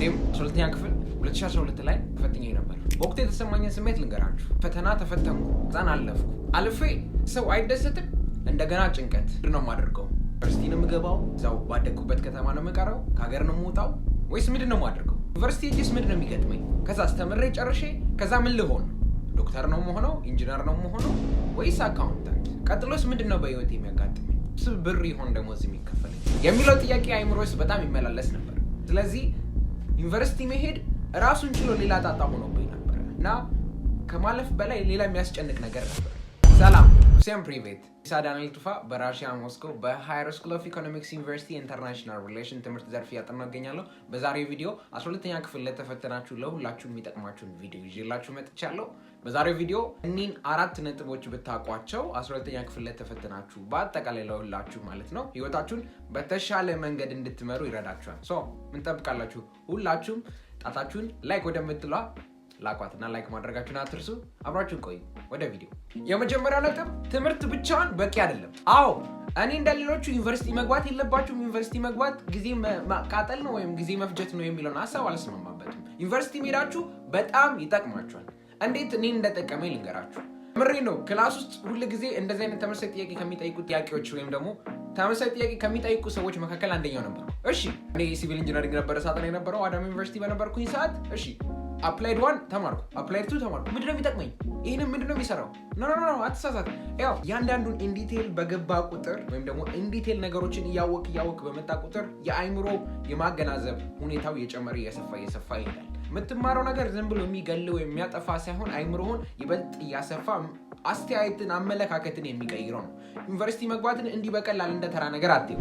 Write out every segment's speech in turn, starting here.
እኔም 12 ክፍል 2012 ላይ ተፈትኜ ነበር። በወቅቱ የተሰማኝን ስሜት ልንገራችሁ። ፈተና ተፈተንኩ፣ ህፃን አለፍኩ። አልፌ ሰው አይደሰትም። እንደገና ጭንቀት ነው የማደርገው? ዩኒቨርሲቲ ነው የምገባው? እዛው ባደግኩበት ከተማ ነው የምቀረው? ከሀገር ነው የምወጣው? ወይስ ምንድን ነው የማደርገው? ዩኒቨርሲቲ እጅስ ምንድን ነው የሚገጥመኝ? ከዛ አስተምሬ ጨርሼ ከዛ ምን ልሆን? ዶክተር ነው መሆነው? ኢንጂነር ነው መሆነው? ወይስ አካውንታንት? ቀጥሎስ ምንድን ነው በህይወት የሚያጋጥመኝ? ብር ይሆን እዚህ የሚከፈለኝ የሚለው ጥያቄ አይምሮስ በጣም ይመላለስ ነበር። ስለዚህ ዩኒቨርሲቲ መሄድ ራሱን ችሎ ሌላ ጣጣ ሆኖብኝ ነበረ እና ከማለፍ በላይ ሌላ የሚያስጨንቅ ነገር ነበር። ሰላም ሁሴን ፕሪቬት ኢሳ ዳንኤል ቱፋ በራሽያ ሞስኮ በሃየር ስኩል ኦፍ ኢኮኖሚክስ ዩኒቨርሲቲ ኢንተርናሽናል ሪሌሽን ትምህርት ዘርፍ እያጠና እገኛለሁ። በዛሬው ቪዲዮ 12ኛ ክፍል ለተፈተናችሁ ለሁላችሁ የሚጠቅማችሁን ቪዲዮ ይዤላችሁ መጥቻለሁ። በዛሬው ቪዲዮ እኒን አራት ነጥቦች ብታውቋቸው 12ኛ ክፍል ላይ ተፈትናችሁ በአጠቃላይ ለሁላችሁ ማለት ነው ህይወታችሁን በተሻለ መንገድ እንድትመሩ ይረዳችኋል። ሶ ምን ጠብቃላችሁ? ሁላችሁም ጣታችሁን ላይክ ወደምትሏ ላኳትና ላይክ ማድረጋችሁን አትርሱ። አብራችሁን ቆዩ። ወደ ቪዲዮ። የመጀመሪያው ነጥብ ትምህርት ብቻውን በቂ አይደለም። አዎ እኔ እንደሌሎቹ ዩኒቨርሲቲ መግባት የለባችሁም፣ ዩኒቨርሲቲ መግባት ጊዜ ማቃጠል ነው ወይም ጊዜ መፍጀት ነው የሚለውን ሀሳብ አልስማማበትም። ዩኒቨርሲቲ ሄዳችሁ በጣም ይጠቅማችኋል። እንዴት እኔ እንደጠቀመኝ ልንገራችሁ። ምሬ ነው። ክላስ ውስጥ ሁል ጊዜ እንደዚህ አይነት ተመሳሳይ ጥያቄ ከሚጠይቁ ጥያቄዎች ወይም ደግሞ ተመሳሳይ ጥያቄ ከሚጠይቁ ሰዎች መካከል አንደኛው ነበር። እሺ እኔ ሲቪል ኢንጂነሪንግ ነበረ ላይ የነበረው አዳማ ዩኒቨርሲቲ በነበርኩኝ ሰዓት። እሺ አፕላይድ ዋን ተማርኩ፣ አፕላይድ ቱ ተማርኩ። ምንድነው የሚጠቅመኝ? ይህንም ምንድነው የሚሰራው? ኖ ኖ ኖ አትሳሳት። ያው እያንዳንዱን ኢንዲቴል በገባ ቁጥር ወይም ደግሞ ኢንዲቴል ነገሮችን እያወቅ እያወቅ በመጣ ቁጥር የአይምሮ የማገናዘብ ሁኔታው እየጨመረ እየሰፋ እየሰፋ ይሄዳል። የምትማረው ነገር ዝም ብሎ የሚገል ወይም የሚያጠፋ ሳይሆን አይምሮህን ይበልጥ እያሰፋ አስተያየትን፣ አመለካከትን የሚቀይረው ነው። ዩኒቨርሲቲ መግባትን እንዲህ በቀላል እንደ ተራ ነገር አትዩ።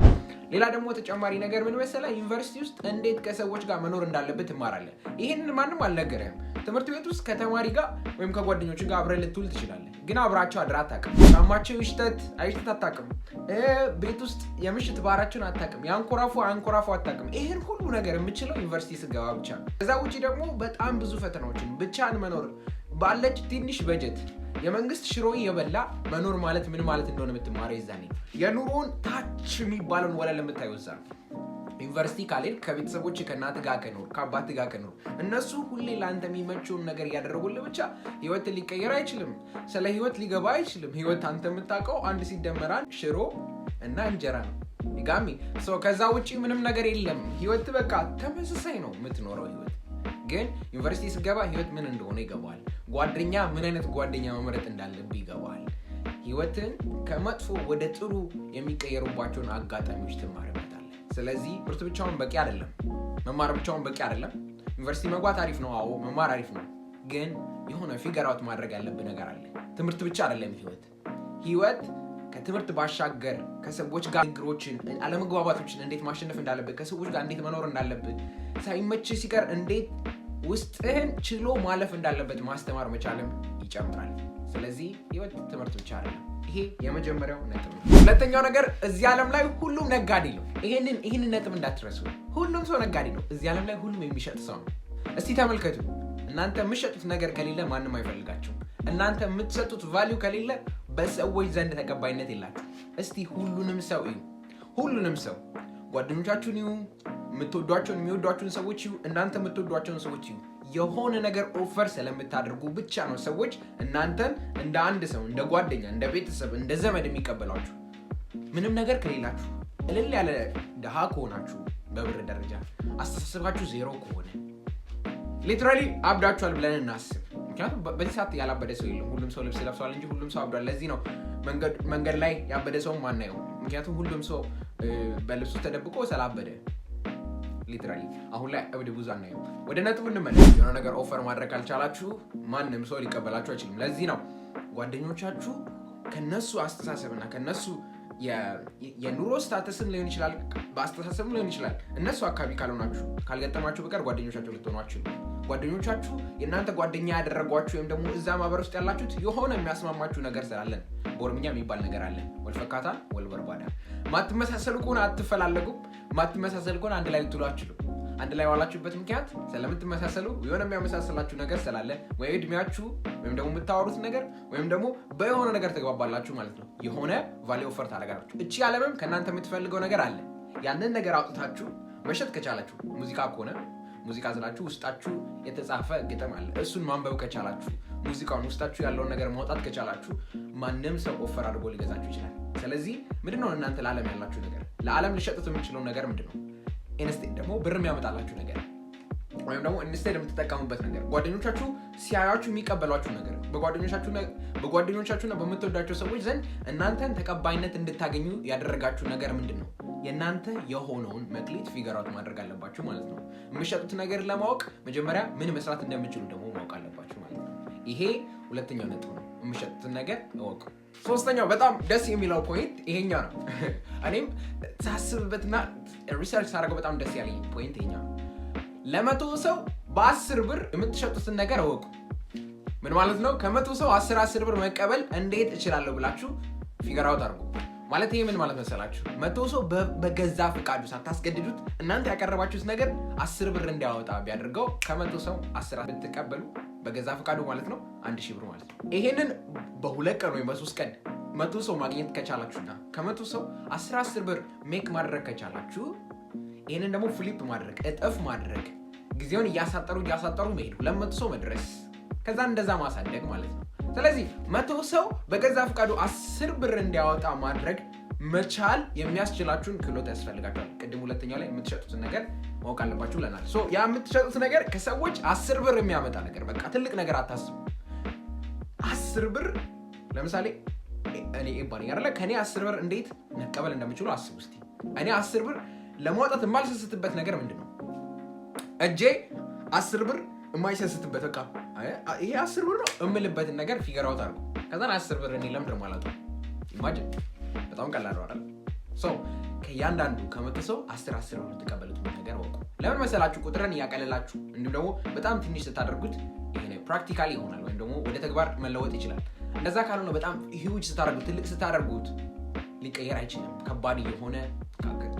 ሌላ ደግሞ ተጨማሪ ነገር ምን መሰለ ዩኒቨርሲቲ ውስጥ እንዴት ከሰዎች ጋር መኖር እንዳለበት ትማራለን ይህንን ማንም አልነገረም ትምህርት ቤት ውስጥ ከተማሪ ጋር ወይም ከጓደኞች ጋር አብረ ልትውል ትችላለን ግን አብራቸው አድራ አታውቅም። ጫማቸው ይሽተት አይሽተት አታውቅም። ቤት ውስጥ የምሽት ባህራቸውን አታውቅም። የአንኮራፎ አንኮራፎ አታውቅም። ይህን ሁሉ ነገር የምችለው ዩኒቨርሲቲ ስገባ ብቻ። ከዛ ውጭ ደግሞ በጣም ብዙ ፈተናዎችን ብቻን መኖር ባለች ትንሽ በጀት የመንግስት ሽሮ የበላ መኖር ማለት ምን ማለት እንደሆነ የምትማረው ይዛኔ የኑሮውን ታች የሚባለውን ወለል የምታይ እዛ ነው። ዩኒቨርሲቲ ካልሄድ ከቤተሰቦች ከእናት ጋር ከኖር ከአባት ጋር ከኖር እነሱ ሁሌ ለአንተ የሚመቸውን ነገር እያደረጉልህ ብቻ ህይወት ሊቀየር አይችልም። ስለ ህይወት ሊገባ አይችልም። ህይወት አንተ የምታውቀው አንድ ሲደመራን ሽሮ እና እንጀራ ነው። ጋሚ ከዛ ውጪ ምንም ነገር የለም። ህይወት በቃ ተመሳሳይ ነው የምትኖረው ህይወት ግን ዩኒቨርሲቲ ስገባ ህይወት ምን እንደሆነ ይገባል? ጓደኛ ምን አይነት ጓደኛ መምረጥ እንዳለብህ ይገባል ህይወትን ከመጥፎ ወደ ጥሩ የሚቀየሩባቸውን አጋጣሚዎች ትማርበት ስለዚህ ትምህርት ብቻውን በቂ አይደለም፣ መማር ብቻውን በቂ አይደለም። ዩኒቨርሲቲ መግባት አሪፍ ነው፣ አዎ መማር አሪፍ ነው። ግን የሆነ ፊገራውት ማድረግ ያለብ ነገር አለ። ትምህርት ብቻ አይደለም ህይወት። ህይወት ከትምህርት ባሻገር ከሰዎች ጋር ንግሮችን አለመግባባቶችን እንዴት ማሸነፍ እንዳለብህ፣ ከሰዎች ጋር እንዴት መኖር እንዳለብህ፣ ሳይመች ሲቀር እንዴት ውስጥህን ችሎ ማለፍ እንዳለበት ማስተማር መቻልም ይጨምራል። ስለዚህ ህይወት ትምህርት ብቻ አይደለም። ይሄ የመጀመሪያው ነጥብ ነው። ሁለተኛው ነገር እዚህ ዓለም ላይ ሁሉም ነጋዴ ነው። ይሄንን ይህንን ነጥብ እንዳትረሱ። ሁሉም ሰው ነጋዴ ነው። እዚህ ዓለም ላይ ሁሉም የሚሸጥ ሰው ነው። እስቲ ተመልከቱ። እናንተ የምትሸጡት ነገር ከሌለ ማንም አይፈልጋችሁ። እናንተ የምትሰጡት ቫሊዩ ከሌለ በሰዎች ዘንድ ተቀባይነት የላችሁ። እስቲ ሁሉንም ሰው እዩ። ሁሉንም ሰው ጓደኞቻችሁን ይሁ፣ የምትወዷቸውን የሚወዷቸውን ሰዎች ይሁ፣ እናንተ የምትወዷቸውን ሰዎች ይሁ የሆነ ነገር ኦፈር ስለምታደርጉ ብቻ ነው ሰዎች እናንተን እንደ አንድ ሰው፣ እንደ ጓደኛ፣ እንደ ቤተሰብ፣ እንደ ዘመድ የሚቀበሏችሁ። ምንም ነገር ከሌላችሁ፣ እልል ያለ ድሃ ከሆናችሁ፣ በብር ደረጃ አስተሳሰባችሁ ዜሮ ከሆነ ሊትራሊ አብዳችኋል ብለን እናስብ። ምክንያቱም በዚህ ሰዓት ያላበደ ሰው የለም። ሁሉም ሰው ልብስ ለብሷል እንጂ ሁሉም ሰው አብዷል። ለዚህ ነው መንገድ ላይ ያበደ ሰው ማናየው። ምክንያቱም ሁሉም ሰው በልብሱ ተደብቆ ስላበደ ሊትራሊ አሁን ላይ እብድ ብዙ አናየው። ወደ ነጥብ እንመለስ። የሆነ ነገር ኦፈር ማድረግ ካልቻላችሁ ማንም ሰው ሊቀበላችሁ አይችልም። ለዚህ ነው ጓደኞቻችሁ ከነሱ አስተሳሰብና ከነሱ የኑሮ ስታተስም ሊሆን ይችላል፣ በአስተሳሰብም ሊሆን ይችላል። እነሱ አካባቢ ካልሆናችሁ ካልገጠማችሁ በቀር ጓደኞቻቸው ልትሆኗችሁ ጓደኞቻችሁ የእናንተ ጓደኛ ያደረጓችሁ ወይም ደግሞ እዛ ማህበር ውስጥ ያላችሁት የሆነ የሚያስማማችሁ ነገር ስላለን በኦሮምኛ የሚባል ነገር አለ ወልፈካታ ወልበርባዳ። ማትመሳሰሉ ከሆነ አትፈላለጉም። ማትመሳሰል ከሆነ አንድ ላይ ልትሉ አችሉም። አንድ ላይ ዋላችሁበት ምክንያት ስለምትመሳሰሉ የሆነ የሚያመሳሰላችሁ ነገር ስላለ ወይ እድሜያችሁ ወይም ደግሞ የምታወሩት ነገር ወይም ደግሞ በየሆነ ነገር ተግባባላችሁ ማለት ነው። የሆነ ቫሊ ኦፈር ታደርጋላችሁ። እቺ ዓለምም ከእናንተ የምትፈልገው ነገር አለ። ያንን ነገር አውጥታችሁ መሸጥ ከቻላችሁ ሙዚቃ ከሆነ ሙዚቃ ስላችሁ ውስጣችሁ የተጻፈ ግጥም አለ። እሱን ማንበብ ከቻላችሁ ሙዚቃውን ውስጣችሁ ያለውን ነገር ማውጣት ከቻላችሁ ማንም ሰው ኦፈር አድርጎ ሊገዛችሁ ይችላል። ስለዚህ ምንድነው እናንተ ለዓለም ያላችሁ ነገር? ለዓለም ልሸጥት የምችለው ነገር ምንድነው። ኢንስቴድ ደግሞ ብር የሚያመጣላችሁ ነገር ወይም ደግሞ ኢንስቴድ የምትጠቀሙበት ነገር ጓደኞቻችሁ ሲያያችሁ የሚቀበሏችሁ ነገር በጓደኞቻችሁና በምትወዳቸው ሰዎች ዘንድ እናንተን ተቀባይነት እንድታገኙ ያደረጋችሁ ነገር ምንድን ነው? የእናንተ የሆነውን መክሊት ፊገራት ማድረግ አለባችሁ ማለት ነው። የምሸጡት ነገር ለማወቅ መጀመሪያ ምን መስራት እንደምችሉ ደግሞ ማወቅ አለባችሁ ማለት ነው። ይሄ ሁለተኛው ነጥብ ነው። የምሸጡትን ነገር እወቁ። ሶስተኛው በጣም ደስ የሚለው ፖይንት ይሄኛ ነው። እኔም ሳስብበትና ሪሰርች ሳደርገው በጣም ደስ ያለኝ ፖይንት ይኸኛው ነው። ለመቶ ሰው በአስር ብር የምትሸጡትን ነገር እወቁ። ምን ማለት ነው? ከመቶ ሰው አስር አስር ብር መቀበል እንዴት እችላለሁ ብላችሁ ፊገር አውት ማለት ይሄ ምን ማለት መሰላችሁ? መቶ ሰው በገዛ ፍቃዱ ሳታስገድዱት እናንተ ያቀረባችሁት ነገር አስር ብር እንዲያወጣ ቢያደርገው ከመቶ ሰው አስር ብትቀበሉ በገዛ ፍቃዱ ማለት ነው አንድ ሺህ ብር ማለት ነው። ይሄንን በሁለት ቀን ወይም በሶስት ቀን መቶ ሰው ማግኘት ከቻላችሁና ከመቶ ሰው አስራ አስር ብር ሜክ ማድረግ ከቻላችሁ ይህንን ደግሞ ፍሊፕ ማድረግ እጥፍ ማድረግ ጊዜውን እያሳጠሩ እያሳጠሩ መሄድ ሁለት መቶ ሰው መድረስ ከዛ እንደዛ ማሳደግ ማለት ነው። ስለዚህ መቶ ሰው በገዛ ፈቃዱ አስር ብር እንዲያወጣ ማድረግ መቻል የሚያስችላችሁን ክህሎት ያስፈልጋቸዋል። ቅድም ሁለተኛው ላይ የምትሸጡትን ነገር ማወቅ አለባችሁ ብለናል። ያ የምትሸጡት ነገር ከሰዎች አስር ብር የሚያመጣ ነገር በቃ ትልቅ ነገር አታስቡ። አስር ብር ለምሳሌ እኔ ኤባን ያለ ከእኔ አስር ብር እንዴት መቀበል እንደምችሉ አስብ ውስጥ እኔ አስር ብር ለማውጣት የማልሰስትበት ነገር ምንድን ነው? እጄ አስር ብር የማይሰስትበት በቃ ይሄ አስር ብር ነው የምልበትን ነገር ፊገር አውት አድርጎ ከዛን አስር ብር እኔ ለምድር ማለት ነው። ኢማጂን በጣም ቀላል አይደል? ሰው ከእያንዳንዱ ከመቶ ሰው አስር አስር ብር ተቀበሉት ነገር ወቁ። ለምን መሰላችሁ? ቁጥርን እያቀለላችሁ እንዲሁም ደግሞ በጣም ትንሽ ስታደርጉት ይሄ ፕራክቲካሊ ይሆናል ወይም ደግሞ ወደ ተግባር መለወጥ ይችላል። እንደዛ ካልሆነ በጣም ሂውጅ ስታደርጉ ትልቅ ስታደርጉት ሊቀየር አይችልም። ከባድ እየሆነ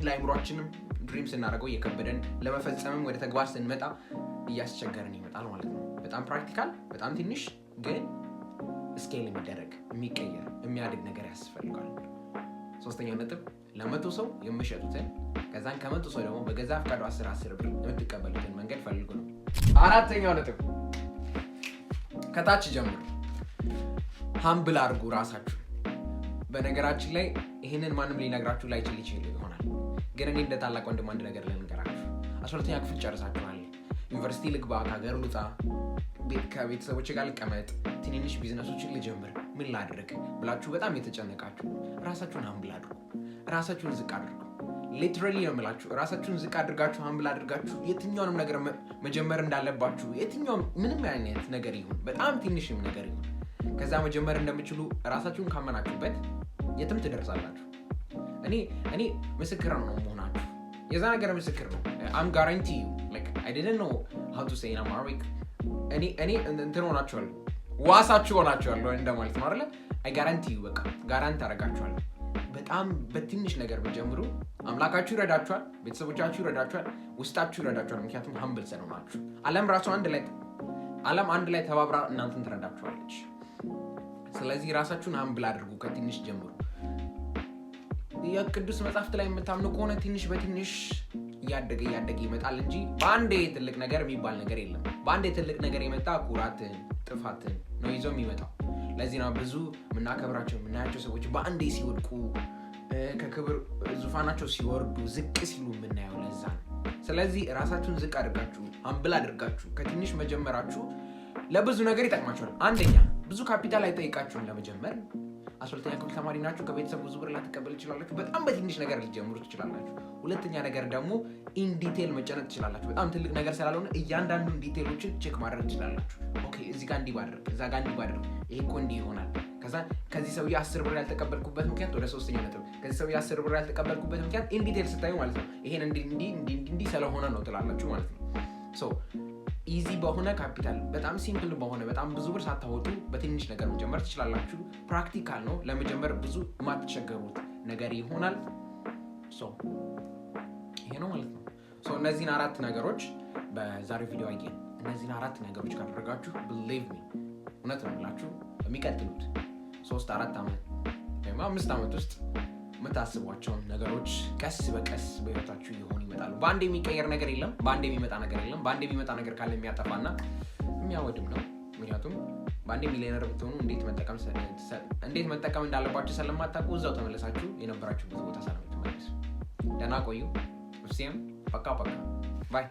ለአይምሯችንም ድሪም ስናደርገው እየከበደን ለመፈጸምም ወደ ተግባር ስንመጣ እያስቸገረን ይመጣል ማለት ነው። በጣም ፕራክቲካል፣ በጣም ትንሽ ግን ስኬል የሚደረግ የሚቀየር የሚያድግ ነገር ያስፈልጋል። ሶስተኛው ነጥብ ለመቶ ሰው የምሸጡትን ከዛን ከመቶ ሰው ደግሞ በገዛ ፈቃዱ አስር አስር ብር የምትቀበሉትን መንገድ ፈልጉ ነው። አራተኛው ነጥብ ከታች ጀምሩ። ሀምብል አድርጉ ራሳችሁ። በነገራችን ላይ ይህንን ማንም ሊነግራችሁ ላይችል ይችል ይሆናል፣ ግን እኔ እንደ ታላቅ ወንድም አንድ ነገር ልንገራችሁ። አስራ ክፍል ጨርሳችኋል። ዩኒቨርሲቲ ልግባ፣ ከሀገር ልውጣ፣ ከቤተሰቦች ጋር ልቀመጥ፣ ትንንሽ ቢዝነሶችን ልጀምር፣ ምን ላድርግ ብላችሁ በጣም የተጨነቃችሁ ራሳችሁን ሀምብል አድርጉ። ራሳችሁን ዝቅ አድርጉ። ሊትራሊ ነው የምላችሁ። ራሳችሁን ዝቅ አድርጋችሁ ሀምብል አድርጋችሁ የትኛውንም ነገር መጀመር እንዳለባችሁ የትኛውም ምንም አይነት ነገር ይሁን በጣም ትንሽም ነገር ይሁን ከዛ መጀመር እንደምችሉ ራሳችሁን ካመናችሁበት የትም ትደርሳላችሁ። እኔ እኔ ምስክር ነው መሆናችሁ የዛ ነገር ምስክር ነው። አም ጋራንቲ አይደን ነው ሀቱ ሰይና ማሪክ እኔ እኔ እንትን ሆናችኋለሁ ዋሳችሁ ሆናችኋለሁ እንደማለት ነው አለ። አይ ጋራንቲ በቃ ጋራንት አረጋችኋለሁ። በጣም በትንሽ ነገር በጀምሩ አምላካችሁ ይረዳችኋል፣ ቤተሰቦቻችሁ ይረዳችኋል፣ ውስጣችሁ ይረዳችኋል። ምክንያቱም ሀምብል ስለሆናችሁ አለም ራሱ አንድ ላይ አለም አንድ ላይ ተባብራ እናንተን ትረዳችኋለች። ስለዚህ ራሳችሁን አምብል አድርጉ ከትንሽ ጀምሩ። የቅዱስ መጽሐፍት ላይ የምታምኑ ከሆነ ትንሽ በትንሽ እያደገ እያደገ ይመጣል እንጂ በአንዴ ትልቅ ነገር የሚባል ነገር የለም። በአንዴ ትልቅ ነገር የመጣ ኩራትን፣ ጥፋትን ነው ይዞ የሚመጣው። ለዚህ ነው ብዙ የምናከብራቸው የምናያቸው ሰዎች በአንዴ ሲወድቁ ከክብር ዙፋናቸው ሲወርዱ ዝቅ ሲሉ የምናየው ለዛ ነው። ስለዚህ ራሳችሁን ዝቅ አድርጋችሁ አምብል አድርጋችሁ ከትንሽ መጀመራችሁ ለብዙ ነገር ይጠቅማቸዋል አንደኛ ብዙ ካፒታል አይጠይቃችሁም ለመጀመር። አስራ ክፍል ተማሪ ናችሁ። ከቤተሰብ ብዙ ብር ላትቀበል ትችላላችሁ። በጣም በትንሽ ነገር ሊጀምሩ ትችላላችሁ። ሁለተኛ ነገር ደግሞ ኢንዲቴል መጨነቅ ትችላላችሁ። በጣም ትልቅ ነገር ስላልሆነ እያንዳንዱ ዲቴሎችን ቼክ ማድረግ ትችላላችሁ። ኦኬ፣ እዚህ ጋር እንዲህ እዛ ጋ እንዲህ ይሄ እኮ እንዲህ ይሆናል። ከዛ ከዚህ ሰውዬ አስር ብር ያልተቀበልኩበት ምክንያት ወደ ሶስተኛ ነጥብ፣ ከዚህ ሰውዬ አስር ብር ያልተቀበልኩበት ምክንያት ኢንዲቴል ስታዩ ማለት ነው። ይሄን እንዲህ እንዲህ እንዲህ ስለሆነ ነው ትላላችሁ ማለት ነው ኢዚ በሆነ ካፒታል በጣም ሲምፕል በሆነ በጣም ብዙ ብር ሳታወጡ በትንሽ ነገር መጀመር ትችላላችሁ። ፕራክቲካል ነው። ለመጀመር ብዙ የማትቸገሩት ነገር ይሆናል። ይሄ ነው ማለት ነው። እነዚህን አራት ነገሮች በዛሬው ቪዲዮ አየን። እነዚህን አራት ነገሮች ካደረጋችሁ ብሌቭ ሚ እውነት ነው ብላችሁ የሚቀጥሉት ሶስት አራት ዓመት ወይም አምስት ዓመት ውስጥ የምታስቧቸውን ነገሮች ቀስ በቀስ በህይወታችሁ እየሆኑ ይመጣሉ። በአንድ የሚቀየር ነገር የለም። በአንድ የሚመጣ ነገር የለም። በአንድ የሚመጣ ነገር ካለ የሚያጠፋና የሚያወድም ነው። ምክንያቱም በአንድ ሚሊዮነር ብትሆኑ እንዴት መጠቀም እንዴት መጠቀም እንዳለባችሁ ስለማታውቁ እዛው ተመለሳችሁ የነበራችሁበት ቦታ ሰላም ትመለሱ። ደህና ቆዩ። ሴም ፓካ ፓካ፣ ባይ